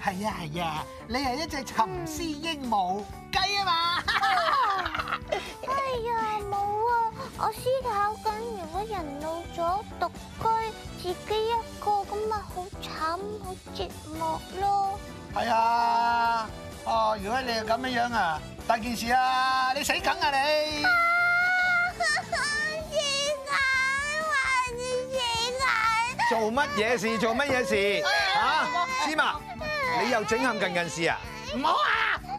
係啊係啊，你係一隻沉思鸚鵡雞啊嘛！係啊冇啊，我思考緊，如果人老咗獨居，自己一個咁咪好慘好寂寞咯。係啊，哦，如果你係咁樣樣啊，大件事啊，你死梗啊你！啊，死死做乜嘢事？做乜嘢事？啊，芝麻。你又整喊近近事啊！唔好啊！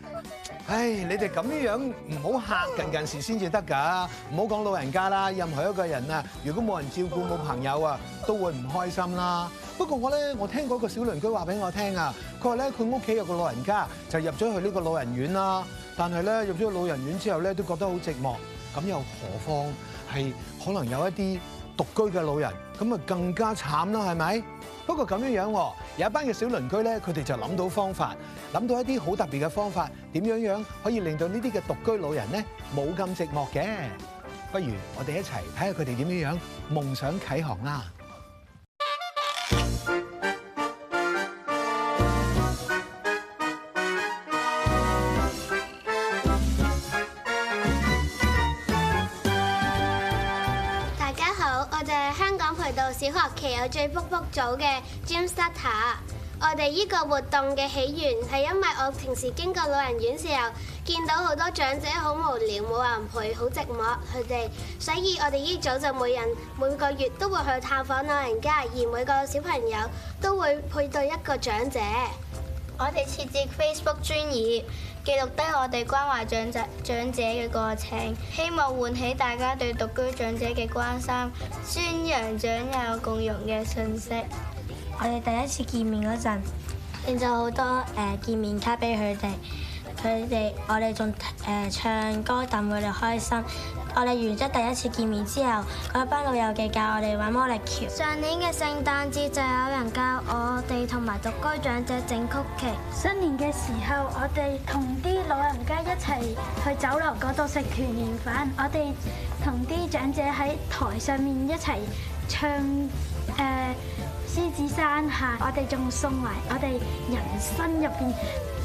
唉，你哋咁樣樣唔好嚇近近事先至得㗎。唔好講老人家啦，任何一個人啊，如果冇人照顧冇朋友啊，都會唔開心啦。不過我咧，我聽嗰個小鄰居話俾我聽啊，佢話咧佢屋企有個老人家就入咗去呢個老人院啦，但係咧入咗老人院之後咧都覺得好寂寞。咁又何況係可能有一啲。獨居嘅老人，咁啊更加慘啦，係咪？不過咁樣樣，有一班嘅小鄰居咧，佢哋就諗到方法，諗到一啲好特別嘅方法，點樣樣可以令到呢啲嘅獨居老人咧冇咁寂寞嘅？不如我哋一齊睇下佢哋點樣樣，夢想啟航啦！小學耆幼趣 Book Book 組嘅 Dream Star。我哋依個活動嘅起源係因為我平時經過老人院時候，見到好多長者好無聊，冇人陪，好寂寞佢哋，所以我哋依組就每人每個月都會去探訪老人家，而每個小朋友都會配對一個長者。我哋設置 Facebook 專頁，記錄低我哋關懷長者者嘅過程，希望喚起大家對獨居長者嘅關心，宣揚長幼共融嘅信息。我哋第一次見面嗰陣，印咗好多誒見面卡俾佢哋。佢哋我哋仲誒唱歌等佢哋開心，我哋完咗第一次見面之後，嗰班老友記教我哋玩魔力橋。上年嘅聖誕節就有人教我哋同埋獨居長者整曲，曲奇。新年嘅時候，我哋同啲老人家一齊去酒樓嗰度食團年飯，我哋同啲長者喺台上面一齊唱誒、呃《獅子山下》我、我哋仲送埋我哋人生入邊。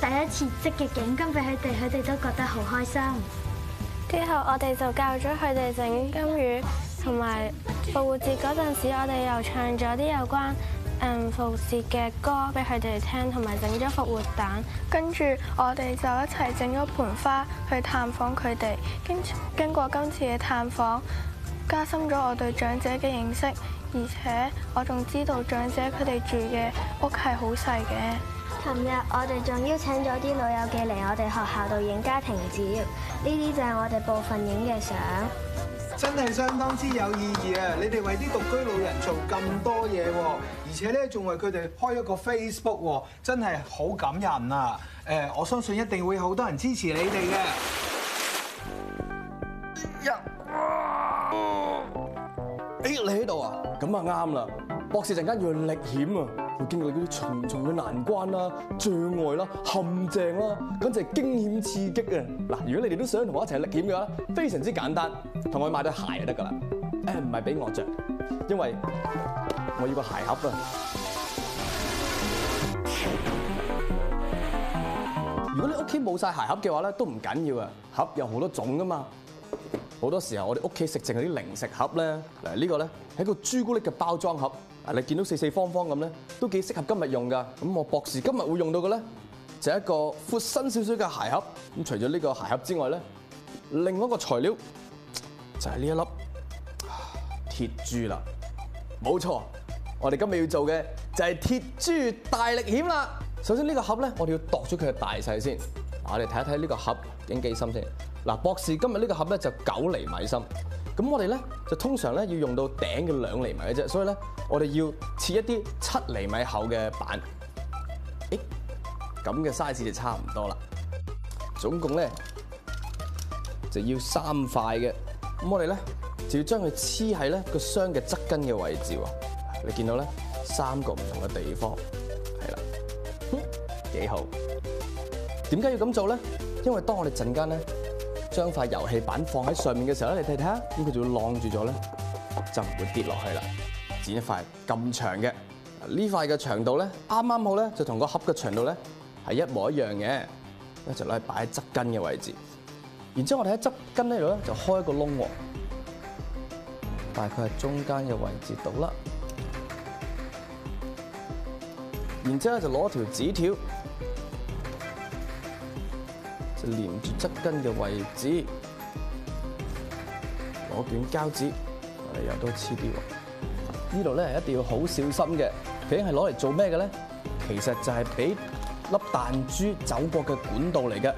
第一次積嘅獎金俾佢哋，佢哋都覺得好開心。之後我哋就教咗佢哋整金魚，同埋復活節嗰陣時，我哋又唱咗啲有關嗯復活嘅歌俾佢哋聽，同埋整咗復活蛋。跟住我哋就一齊整咗盆花去探訪佢哋。經經過今次嘅探訪，加深咗我對長者嘅認識，而且我仲知道長者佢哋住嘅屋係好細嘅。尋日我哋仲邀請咗啲老友記嚟我哋學校度影家庭照，呢啲就係我哋部分影嘅相。真係相當之有意義啊！你哋為啲獨居老人做咁多嘢，而且咧仲為佢哋開咗個 Facebook，真係好感人啊！誒，我相信一定會好多人支持你哋嘅。一，yeah. 哎呀，你喺度啊？咁啊啱啦。博士陣間要歷險啊！會經過嗰啲重重嘅難關啦、啊、障礙啦、陷阱啦、啊，咁就係驚險刺激啊！嗱，如果你哋都想同我一齊歷險嘅話，非常之簡單，同我買對鞋就得噶啦。誒、呃，唔係俾我着，因為我要個鞋盒啊。如果你屋企冇晒鞋盒嘅話咧，都唔緊要啊。盒有好多種噶嘛，好多時候我哋屋企食剩嗰啲零食盒咧，嗱、這個、呢一個咧係個朱古力嘅包裝盒。嗱，你見到四四方方咁咧，都幾適合今日用噶。咁我博士今日會用到嘅咧，就係、一個闊身少少嘅鞋盒。咁除咗呢個鞋盒之外咧，另外一個材料就係呢一粒鐵珠啦。冇錯，我哋今日要做嘅就係鐵珠大力險啦。首先呢個盒咧，我哋要度咗佢嘅大細先。嗱、啊，我哋睇一睇呢個盒應幾深先。嗱、啊，博士今日呢個盒咧就九厘米深。咁我哋咧就通常咧要用到頂嘅兩厘米嘅啫，所以咧我哋要切一啲七厘米厚嘅板。誒，咁嘅 size 就差唔多啦。總共咧就要三塊嘅。咁我哋咧就要將佢黐喺咧個箱嘅側根嘅位置喎。你見到咧三個唔同嘅地方，係啦，嗯幾好。點解要咁做咧？因為當我哋陣間咧。將塊遊戲板放喺上面嘅時候咧，你睇睇啊，咁佢就會晾住咗咧，就唔會跌落去啦。剪一塊咁長嘅，呢塊嘅長度咧，啱啱好咧，就同個盒嘅長度咧係一模一樣嘅，一就攞嚟擺喺側根嘅位置。然之後我哋喺側根呢度咧就開一個窿喎，大概係中間嘅位置度啦。然之後就攞條紙條。連住側根嘅位置，攞段膠紙，我哋又都黐住喎。呢度咧一定要好小心嘅，究竟係攞嚟做咩嘅咧？其實就係俾粒彈珠走過嘅管道嚟嘅。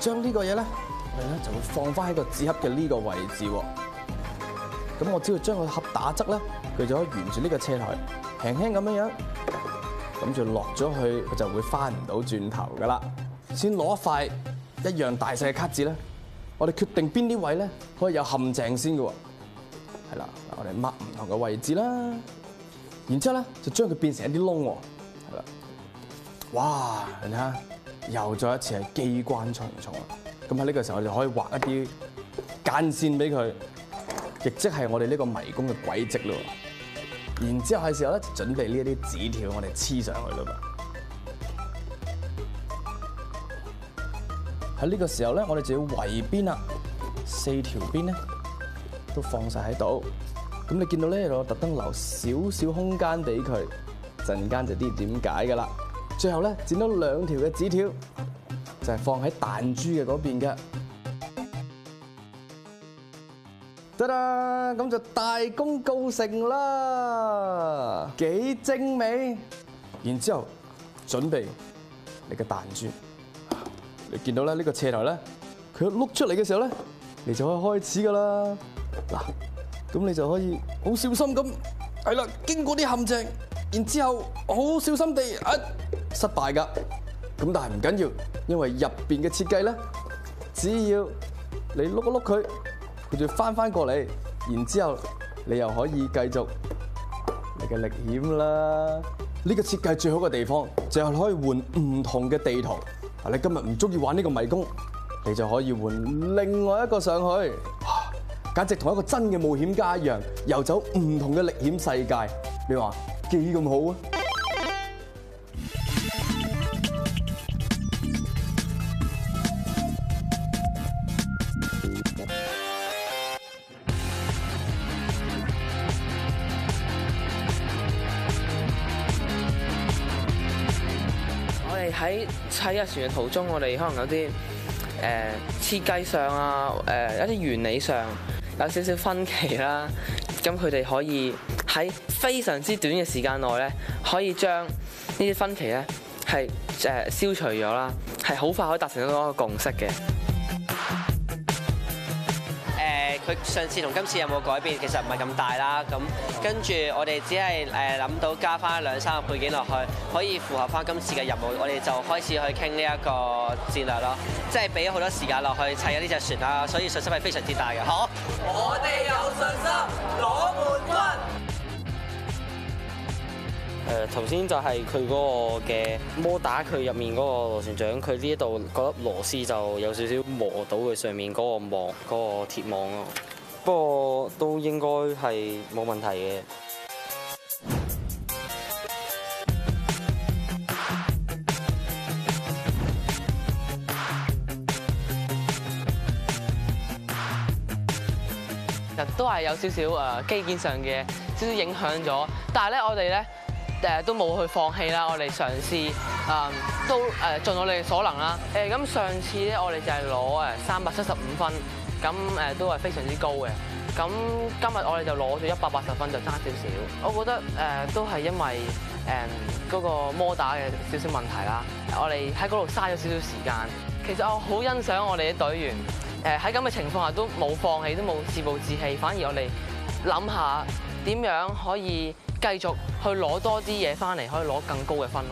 將呢個嘢咧，我哋咧就會放翻喺個紙盒嘅呢個位置喎。咁我只要將個盒打側咧，佢就可以沿住呢個車台輕輕咁樣樣。咁就落咗去，佢就會翻唔到轉頭噶啦。先攞塊一樣大細嘅卡紙咧，我哋決定邊啲位咧可以有陷阱先㗎喎。係啦，我哋抹唔同嘅位置啦，然之後咧就將佢變成一啲窿喎。係啦，哇！你睇下，又再一次係機關重重啊！咁喺呢個時候，我哋可以畫一啲間線俾佢，亦即係我哋呢個迷宮嘅軌跡咯。然之後係時候咧，準備呢一啲紙條，我哋黐上去啦。喺呢個時候咧，我哋就要圍邊啦，四條邊咧都放晒喺度。咁你見到咧度，特登留少少空間俾佢，陣間就知點解噶啦。最後咧，剪咗兩條嘅紙條，就係放喺彈珠嘅嗰邊嘅。得啦，咁就大功告成啦，幾精美。然之後準備你嘅彈珠，你見到咧呢個斜頭咧，佢碌出嚟嘅時候咧，你就可以開始噶啦。嗱，咁你就可以好小心咁，係啦，經過啲陷阱，然之後好小心地，失敗噶。咁但係唔緊要，因為入邊嘅設計咧，只要你碌一碌佢，佢仲要翻翻過嚟，然之後你又可以繼續你嘅歷險啦。呢個設計最好嘅地方，就係可以換唔同嘅地圖。啊，你今日唔中意玩呢個迷宮，你就可以換另外一個上去。哇！簡直同一個真嘅冒險家一樣，遊走唔同嘅歷險世界你。你話幾咁好啊？喺一船嘅途中，我哋可能有啲誒設計上啊，誒一啲原理上有少少分歧啦。咁佢哋可以喺非常之短嘅時間內咧，可以將呢啲分歧咧係誒消除咗啦，係好快可以達成到一個共識嘅。佢上次同今次有冇改變？其實唔係咁大啦。咁跟住我哋只係誒諗到加翻兩三個配件落去，可以符合翻今次嘅任務。我哋就開始去傾呢一個戰略咯。即係俾咗好多時間落去砌呢隻船啦，所以信心係非常之大嘅。好，我哋有信心。誒頭先就係佢嗰個嘅摩打，佢入面嗰個螺旋槳，佢呢一度嗰粒螺絲就有少少磨到佢上面嗰個網嗰、嗰個鐵網咯。不過都應該係冇問題嘅。都係有少少誒基建上嘅少少影響咗，但係咧我哋咧。誒都冇去放棄啦，我哋嘗試啊，都誒盡到我哋所能啦。誒咁上次咧，我哋就係攞誒三百七十五分，咁誒都係非常之高嘅。咁今日我哋就攞咗一百八十分，就差少少。我覺得誒都係因為誒嗰個摩打嘅少少問題啦，我哋喺嗰度嘥咗少少時間。其實我好欣賞我哋啲隊員，誒喺咁嘅情況下都冇放棄，都冇自暴自棄，反而我哋諗下點樣可以。繼續去攞多啲嘢翻嚟，可以攞更高嘅分囉。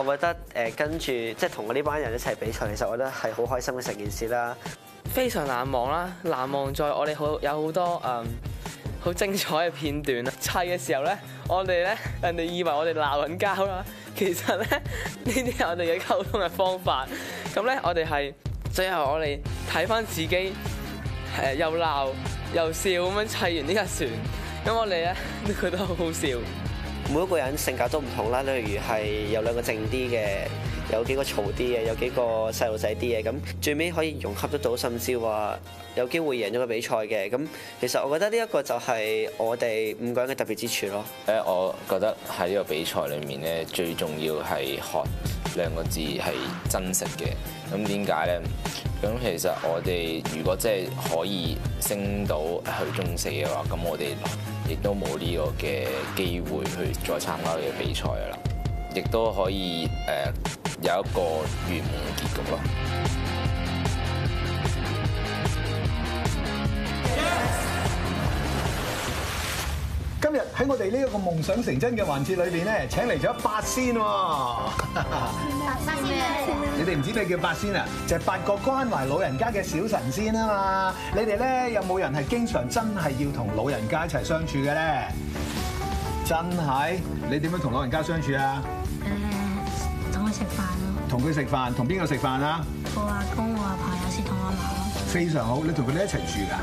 我覺得誒，跟住即係同我呢班人一齊比賽，其實我覺得係好開心嘅成件事啦。非常難忘啦，難忘在我哋好有好多誒好、um, 精彩嘅片段啊！砌嘅時候咧，我哋咧人哋以為我哋鬧緊交啦，其實咧呢啲係我哋嘅溝通嘅方法。咁咧我哋係最後我哋睇翻自己誒、呃、又鬧又笑咁樣砌完呢架船，咁我哋咧都覺得好好笑。每一個人性格都唔同啦，例如係有兩個靜啲嘅。有幾個嘈啲嘅，有幾個細路仔啲嘅，咁最尾可以融合得到，甚至話有機會贏咗個比賽嘅。咁其實我覺得呢一個就係我哋五個人嘅特別之處咯。誒，我覺得喺呢個比賽裏面咧，最重要係學兩個字係真實嘅。咁點解咧？咁其實我哋如果真係可以升到去中四嘅話，咁我哋亦都冇呢個嘅機會去再參加呢個比賽嘅啦。亦都可以誒。呃有一個圓滿嘅結局咯！今日喺我哋呢一個夢想成真嘅環節裏邊咧，請嚟咗八仙八仙喎！你哋唔知咩叫八仙啊？就係、八個關懷老人家嘅小神仙啊嘛！你哋咧有冇人係經常真係要同老人家一齊相處嘅咧？真係，你點樣同老人家相處啊？同佢食飯，同邊個食飯啊？我阿公、我阿朋友先同我阿嫲。非常好，你同佢哋一齊住噶？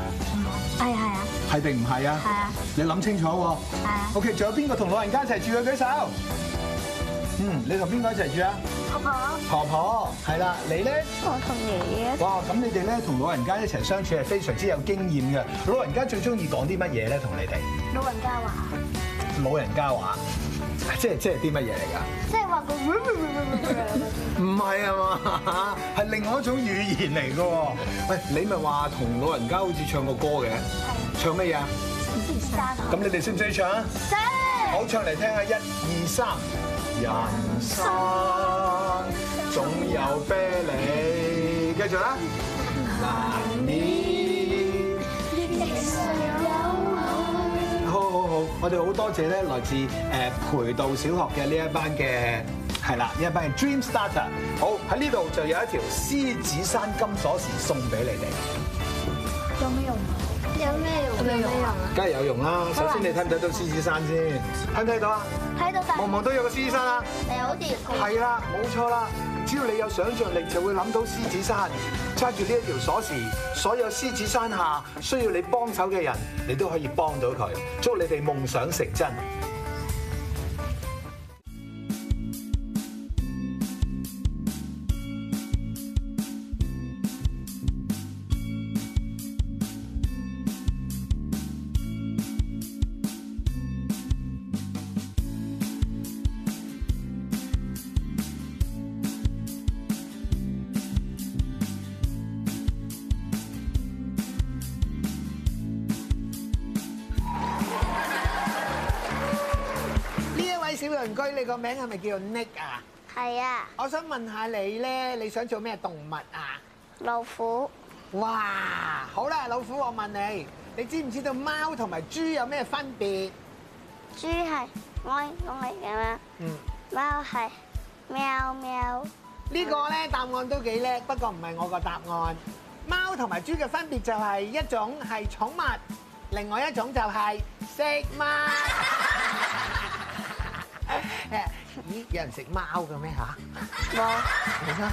係啊係啊。係定唔係啊？係啊。你諗清楚喎。係。OK，仲有邊個同老人家一齊住啊？舉手。嗯，你同邊個一齊住啊？婆婆。婆婆，係啦。你咧？我同爺爺。哇，咁你哋咧同老人家一齊相處係非常之有經驗嘅。老人家最中意講啲乜嘢咧？同你哋？老人家話。老人家話。即係即係啲乜嘢嚟噶？即係話個。唔係啊嘛，係另外一種語言嚟㗎喎。喂，你咪話同老人家好似唱過歌嘅，唱咩嘢？三。咁你哋識唔識唱？識是。好，唱嚟聽下，一二三，人生總有悲喜，繼續啦。難免。好好好，我哋好多謝咧，來自誒培道小學嘅呢一班嘅。係啦，一班人 Dream Starter，好。喺呢度就有一條獅子山金鎖匙送俾你哋。有咩用啊？有咩用？咩用啊？梗係有用啦！首先你睇唔睇到獅子山先？睇唔睇到啊？睇到大望望都有個獅子山啦。係啊，好似係啦，冇錯啦。只要你有想象力，就會諗到獅子山。揸住呢一條鎖匙，所有獅子山下需要你幫手嘅人，你都可以幫到佢。祝你哋夢想成真。鄰居，你個名係咪叫 Nick 啊？係啊。我想問下你咧，你想做咩動物啊？老虎。哇，好啦，老虎，我問你，你知唔知道貓同埋豬有咩分別？豬係我我嚟嘅咩？嗯。貓係喵喵。呢個咧答案都幾叻，不過唔係我個答案。貓同埋豬嘅分別就係一種係寵物，另外一種就係食貓。咦，有人食貓嘅咩嚇？貓你睇